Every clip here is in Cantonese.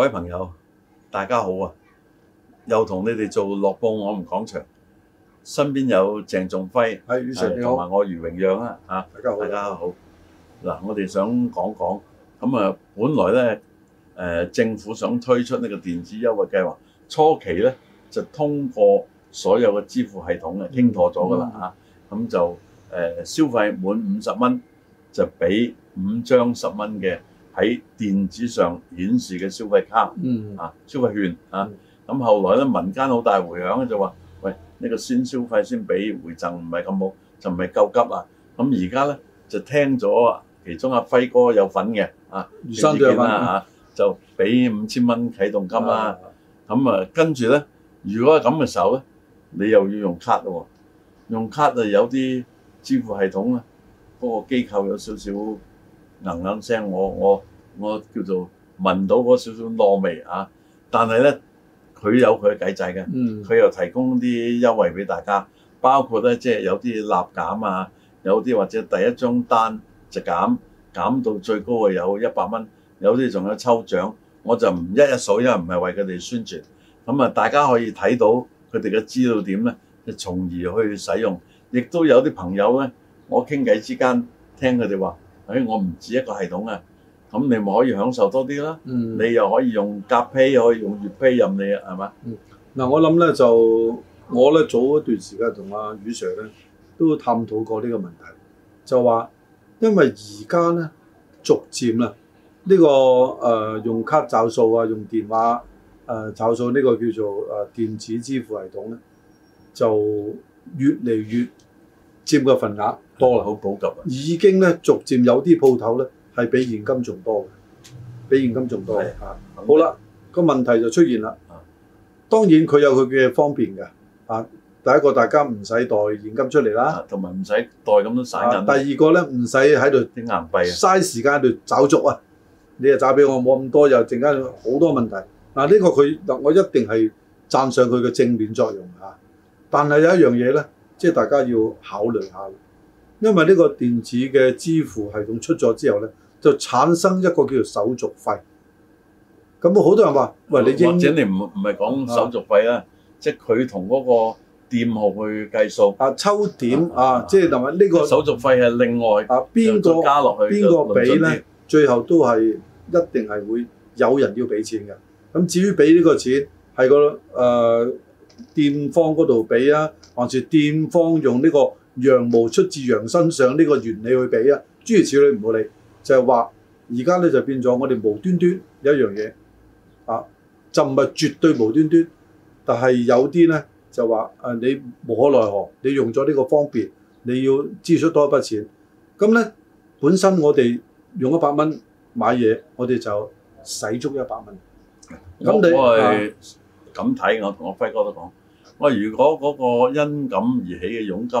各位朋友，大家好啊！又同你哋做《樂報我們講場》，身邊有鄭仲輝，係同埋我余榮陽啦，啊，大家好，大家好。嗱，我哋想講講咁啊，本來咧，誒、啊，政府想推出呢個電子優惠計劃，初期咧就通過所有嘅支付系統嘅，傾、嗯、妥咗噶啦，吓、啊、咁就誒、啊，消費滿五十蚊就俾五張十蚊嘅。喺電子上顯示嘅消費卡，嗯、啊消費券，啊咁、嗯啊、後來咧民間好大迴響咧就話，喂呢、呢個先消費先俾回贈唔係咁好，就唔係夠急啊！咁而家咧就聽咗，其中阿、啊、輝哥有份嘅啊，餘生仲有份、啊啊、就俾五千蚊啟動金啦。咁啊，啊，啊，啊，啊，啊跟住咧，如果係咁嘅時候咧，你又要用卡咯、哦、喎，用卡啊有啲支付系統啊，嗰個機構有少少能囔聲，我我。嗯我叫做聞到嗰少少糯味啊！但係呢，佢有佢嘅計仔嘅，佢、嗯、又提供啲優惠俾大家，包括呢，即係有啲立減啊，有啲或者第一張單就減減到最高嘅有一百蚊，有啲仲有抽獎。我就唔一一數，因為唔係為佢哋宣傳。咁啊，大家可以睇到佢哋嘅資料點呢就從而去使用。亦都有啲朋友呢，我傾偈之間聽佢哋話，誒、哎，我唔止一個系統啊！咁你咪可以享受多啲啦，嗯、你又可以用甲 p 又可以用月 p 任你啊，係嘛？嗱、嗯、我諗咧就我咧早一段時間同阿雨 Sir 咧都探討過呢個問題，就話因為而家咧逐漸啦呢、呢個誒、呃、用卡找數啊，用電話誒找、呃、數呢個叫做誒電子支付系統咧，就越嚟越佔嘅份額多啦，好普及啊，已經咧逐漸有啲鋪頭咧。係比現金仲多嘅，比現金仲多。啊，嗯、好啦，個問題就出現啦。啊，當然佢有佢嘅方便嘅。啊，第一個大家唔使袋現金出嚟啦，同埋唔使袋咁多散銀、啊。第二個咧，唔使喺度整硬幣、啊，嘥時間喺度找足啊。你又找俾我冇咁多，又陣間好多問題。嗱、啊，呢、啊呢個佢我一定係讚賞佢嘅正面作用啊。但係有一樣嘢咧，即、就、係、係、大家要考慮下，因為呢個電子嘅支付系統出咗之後咧。就產生一個叫做手續費，咁好多人話：喂，唔或者你唔唔係講手續費啦，啊、即係佢同嗰個店號去計數。啊，抽點啊，啊啊即係同埋呢個手續費係另外啊，邊個誰加落去，邊個俾咧？輪呢最後都係一定係會有人要俾錢嘅。咁至於俾呢個錢係個誒、呃、店方嗰度俾啊，還是店方用呢個羊毛出自羊身上呢個原理去俾啊？諸如此類唔好理。就係話，而家咧就變咗，我哋無端端有一樣嘢啊，就唔係絕對無端端，但係有啲咧就話誒，你無可奈何，你用咗呢個方便，你要支出多一筆錢。咁咧，本身我哋用一百蚊買嘢，我哋就使足一百蚊。咁你我係咁睇，我同阿輝哥都講，我話如果嗰個因咁而起嘅佣金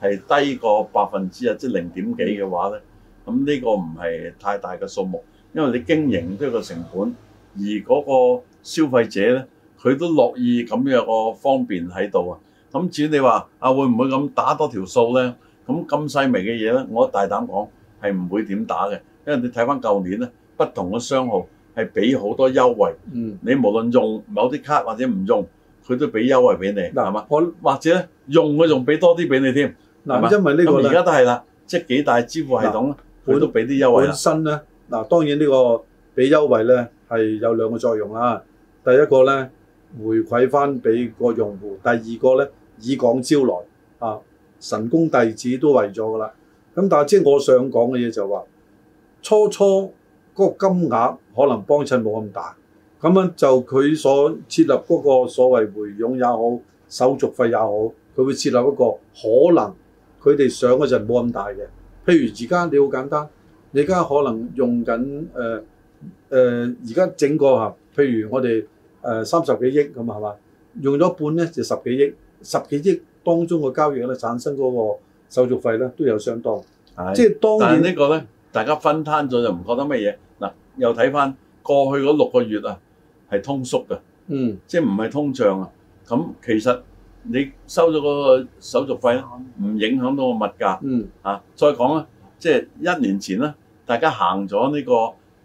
係低過百分之一，即係零點幾嘅話咧。嗯咁呢個唔係太大嘅數目，因為你經營呢個成本，而嗰個消費者呢，佢都樂意咁樣個方便喺度啊。咁至於你話啊，會唔會咁打多條數呢？咁咁細微嘅嘢呢，我大膽講係唔會點打嘅，因為你睇翻舊年呢，不同嘅商號係俾好多優惠。嗯，你無論用某啲卡或者唔用，佢都俾優惠俾你，係嘛、嗯？我或者呢用佢仲俾多啲俾你添，嗱、嗯，吧因為呢個而家都係啦，即係幾大支付系統呢、嗯佢都俾啲優惠啦。本身咧，嗱當然呢個俾優惠咧係有兩個作用啦。第一個咧，回饋翻俾個用戶，第二個咧，以廣招徠啊，神功弟子都為咗噶啦。咁但係即係我想講嘅嘢就話、是，初初嗰個金額可能幫襯冇咁大，咁樣就佢所設立嗰個所謂回傭也好，手續費也好，佢會設立一個可能佢哋想嗰陣冇咁大嘅。譬如而家你好簡單，你而家可能用緊誒誒，而家整個吓，譬如我哋誒、呃、三十幾億咁係嘛？用咗一半咧就十幾億，十幾億當中個交易咧產生嗰個手續費咧都有相當，即係係當然。但係呢個咧，大家分攤咗就唔覺得乜嘢嗱，又睇翻過去嗰六個月啊，係通縮㗎，嗯，即係唔係通脹啊？咁其實。你收咗個手續費啦，唔影響到個物價。嗯，啊、再講啦，即、就、係、是、一年前啦，大家行咗呢、這個、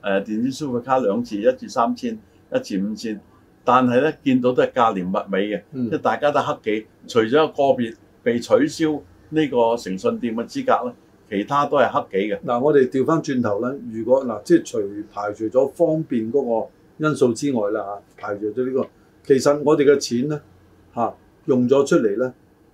呃、電子消費卡兩次，一至三千，一至五千，但係咧見到都係價廉物美嘅，即、嗯、大家都黑幾。除咗個別被取消呢個誠信店嘅資格呢，其他都係黑幾嘅。嗱、啊，我哋調翻轉頭呢，如果嗱，即、啊、係、就是、除排除咗方便嗰個因素之外啦、啊，排除咗呢、這個，其實我哋嘅錢咧，啊用咗出嚟咧，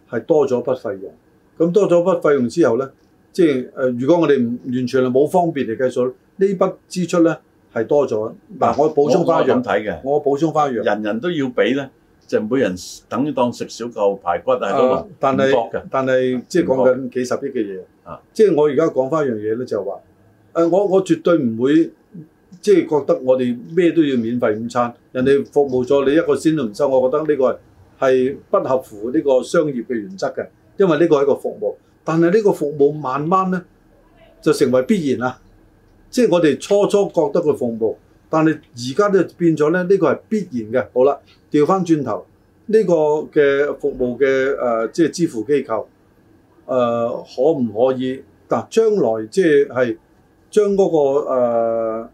係多咗筆費用。咁多咗筆費用之後咧，即係誒、呃，如果我哋唔完全係冇方便嚟計數呢筆支出咧係多咗。嗱，我補充翻一樣，我，我，我補充翻一樣，人人都要俾咧，就是、每人等於當食少嚿排骨多啊嗰但係，但係即係講緊幾十億嘅嘢。割啊，即係我而家講翻一樣嘢咧，就係話誒，我我絕對唔會即係覺得我哋咩都要免費午餐，人哋服務咗你一個先都唔收，我覺得呢個係。係不合乎呢個商業嘅原則嘅，因為呢個係個服務。但係呢個服務慢慢呢就成為必然啦，即係我哋初初覺得個服務，但係而家咧變咗呢，呢個係必然嘅。好啦，調翻轉頭呢個嘅服務嘅誒，即係支付機構誒，可唔可以嗱，將來即係將嗰個誒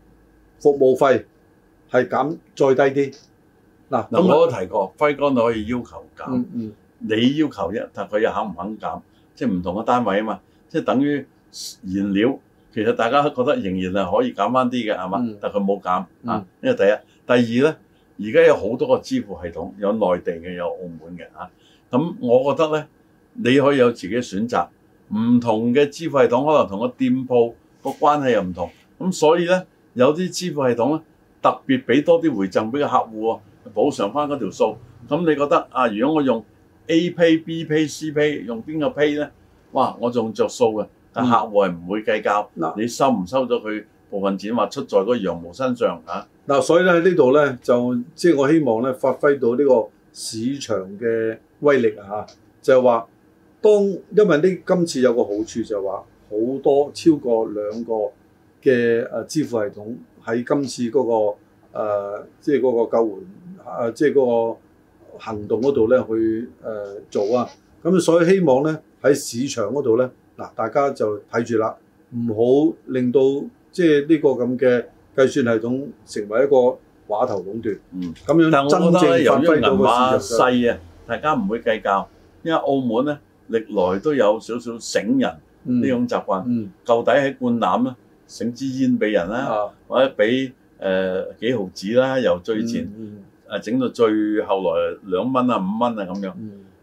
服務費係減再低啲？嗱，咁、啊、我都提過，輝哥你可以要求減，嗯嗯、你要求一，但佢又肯唔肯減，即係唔同嘅單位啊嘛。即係等於燃料，其實大家覺得仍然係可以減翻啲嘅，係嘛、嗯？但佢冇減啊，因為、嗯、第一，第二咧，而家有好多個支付系統，有內地嘅，有澳門嘅咁、啊、我覺得咧，你可以有自己選擇，唔同嘅支付系統可能同個店鋪個關係又唔同，咁所以咧有啲支付系統咧特別俾多啲回贈俾個客戶補償翻嗰條數，咁你覺得啊？如果我用 A pay、B pay、C pay，用邊個 pay 呢？哇！我仲着數嘅，但客戶係唔會計較。嗱、嗯，你收唔收咗佢部分錢，話出在嗰羊毛身上嗱、啊啊，所以咧呢度呢，就即係、就是、我希望呢發揮到呢個市場嘅威力啊！就話、是，當因為呢今次有個好處就話，好多超過兩個嘅誒支付系統喺今次嗰、那個。誒、呃，即係嗰個救援，誒、啊，即係嗰個行動嗰度咧，去誒、呃、做啊！咁、嗯、所以希望咧，喺市場嗰度咧，嗱，大家就睇住啦，唔好令到即係呢個咁嘅計算系統成為一個話頭壟斷。嗯，咁樣真正、就是嗯，但係我覺得咧，由於銀碼細啊，大家唔會計較，因為澳門咧歷來都有少少醒人呢種習慣，舊、嗯嗯、底喺灌攬啊，醒支煙俾人啦，或者俾。誒、呃、幾毫紙啦，由最前誒整、嗯嗯啊、到最，後來兩蚊啊、五蚊啊咁樣，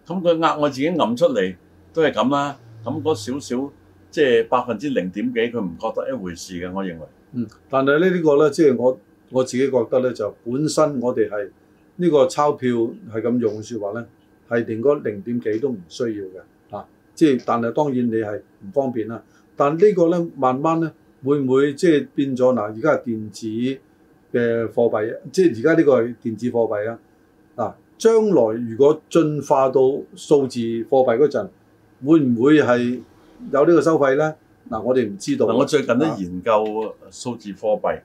咁佢額我自己揼出嚟都係咁啦。咁嗰少少即係百分之零點幾佢唔覺得一回事嘅。我認為嗯，但係呢呢個咧，即係我我自己覺得咧，就本身我哋係呢個鈔票係咁用說話咧，係連嗰零點幾都唔需要嘅嚇、啊。即係但係當然你係唔方便啦。但個呢個咧慢慢咧會唔會即係變咗嗱？而家係電子。嘅貨幣，即係而家呢個係電子貨幣啊。嗱，將來如果進化到數字貨幣嗰陣，會唔會係有呢個收費呢？嗱、啊，我哋唔知道、啊。我最近都研究數字貨幣。啊、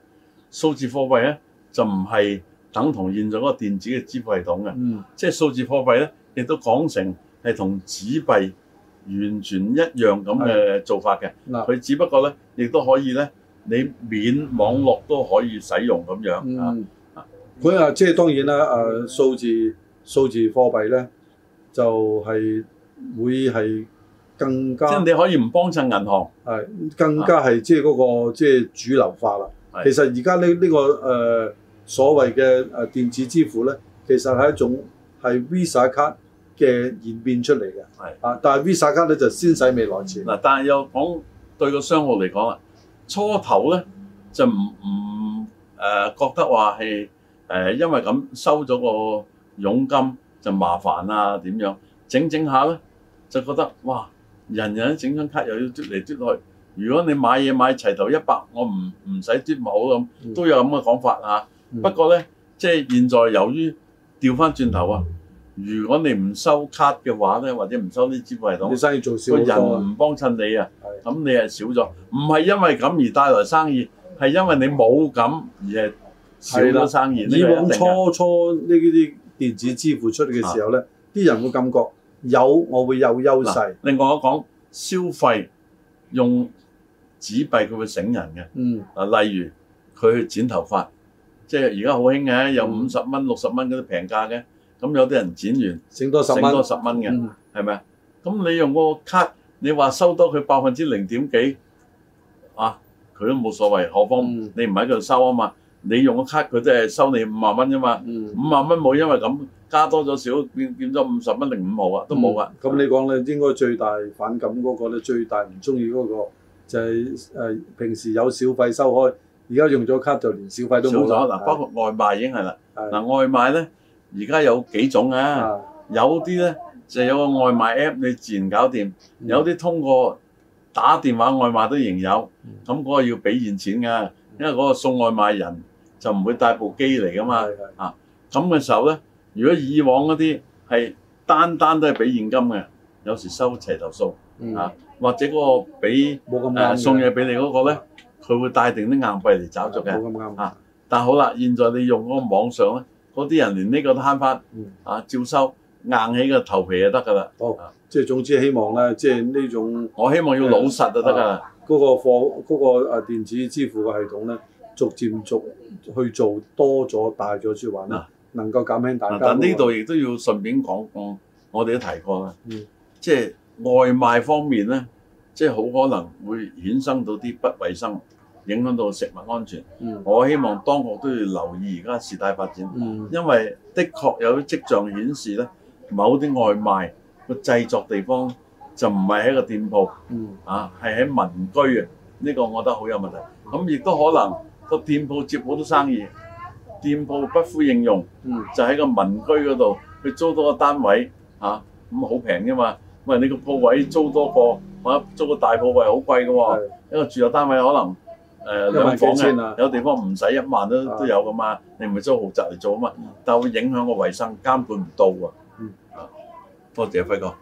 數字貨幣呢就唔係等同現在嗰個電子嘅支付系統嘅。嗯。即係數字貨幣呢，亦都講成係同紙幣完全一樣咁嘅做法嘅。嗱，佢、啊、只不過呢，亦都可以呢。你免網絡都可以使用咁、嗯、樣啊！咁啊，即係當然啦。誒，數字數字貨幣咧，就係、是、會係更加即係你可以唔幫襯銀行，係更加係即係嗰、那個、啊、即係主流化啦。是其實而家呢呢個誒、呃、所謂嘅誒電子支付咧，其實係一種係 Visa 卡嘅演變出嚟嘅。係是啊，但係 Visa 卡咧就先使未來錢嗱、嗯，但係又講對個商號嚟講啊。初頭咧就唔唔、呃、覺得話係誒因為咁收咗個佣金就麻煩啊，點樣整整下咧就覺得哇，人人整張卡又要捽嚟捽去，如果你買嘢買齊頭一百，我唔唔使捽，冇咁都有咁嘅講法啊。不過咧、嗯、即係現在由於掉返轉頭啊。如果你唔收卡嘅話咧，或者唔收啲支付系統，你生意做少咗，人唔幫襯你啊，咁你係的少咗。唔係因為咁而帶來生意，係因為你冇咁而係少咗生意。以的往初初呢啲電子支付出嚟嘅時候咧，啲的人會感覺有我會有優勢。另外我講消費用紙幣佢會醒人嘅。嗯。例如佢去剪頭髮，即係而家好興嘅，有五十蚊、六十蚊嗰啲平價嘅。咁有啲人剪完剩多十，剩多十蚊嘅，係咪啊？咁你用個卡，你話收多佢百分之零點幾啊？佢都冇所謂，何況你唔喺佢度收啊嘛？你用個卡，佢都係收你五萬蚊啫嘛。五萬蚊冇，因為咁加多咗少變變咗五十蚊零五毫啊，都冇啊。咁你講咧，應該最大反感嗰個咧，最大唔中意嗰個就係誒平時有小費收開，而家用咗卡就連小費都冇咗嗱，包括外賣已經係啦，嗱外賣咧。而家有幾種啊？有啲咧就有個外賣 app，你自然搞掂；嗯、有啲通過打電話外賣都仍有咁嗰、嗯、個要俾現錢噶，嗯、因為嗰個送外賣人就唔會帶部機嚟噶嘛。嗯、啊，咁嘅時候咧，如果以往嗰啲係單單都係俾現金嘅，有時收齊頭數、嗯、啊，或者嗰個俾、啊、送嘢俾你嗰個咧，佢會帶定啲硬幣嚟找續嘅。冇咁啱。啊，但好啦，現在你用嗰個網上咧。嗰啲人連呢個都慳翻，啊，照收硬起個頭皮就得㗎啦。好，即係總之希望咧，即係呢種我希望要老實就得㗎啦、啊。喇、啊。嗰、嗰個貨嗰個電子支付嘅系統咧，逐漸逐去做多咗大咗，之環咧能夠減輕大家、啊、但呢度亦都要順便講講，我哋都提過啦，即係、嗯、外賣方面咧，即係好可能會衍生到啲不衛生。影響到食物安全，嗯、我希望當局都要留意而家事態發展，嗯、因為的確有啲跡象顯示呢某啲外賣個製作地方就唔係喺個店鋪，嚇係喺民居嘅，呢、呢個我覺得好有問題。咁亦都可能個店鋪接好多生意，店鋪不敷應用，嗯、就喺個民居嗰度去租多個單位，嚇咁好平㗎嘛？唔係你個鋪位租多個，或者租個大鋪位好貴嘅喎、啊，一個的住宅單位可能。誒、呃、兩房啊，有地方唔使一萬都有㗎嘛，啊、你唔係租豪宅嚟做乜？但會影響個衛生，監管唔到啊。嗯啊，多謝輝哥。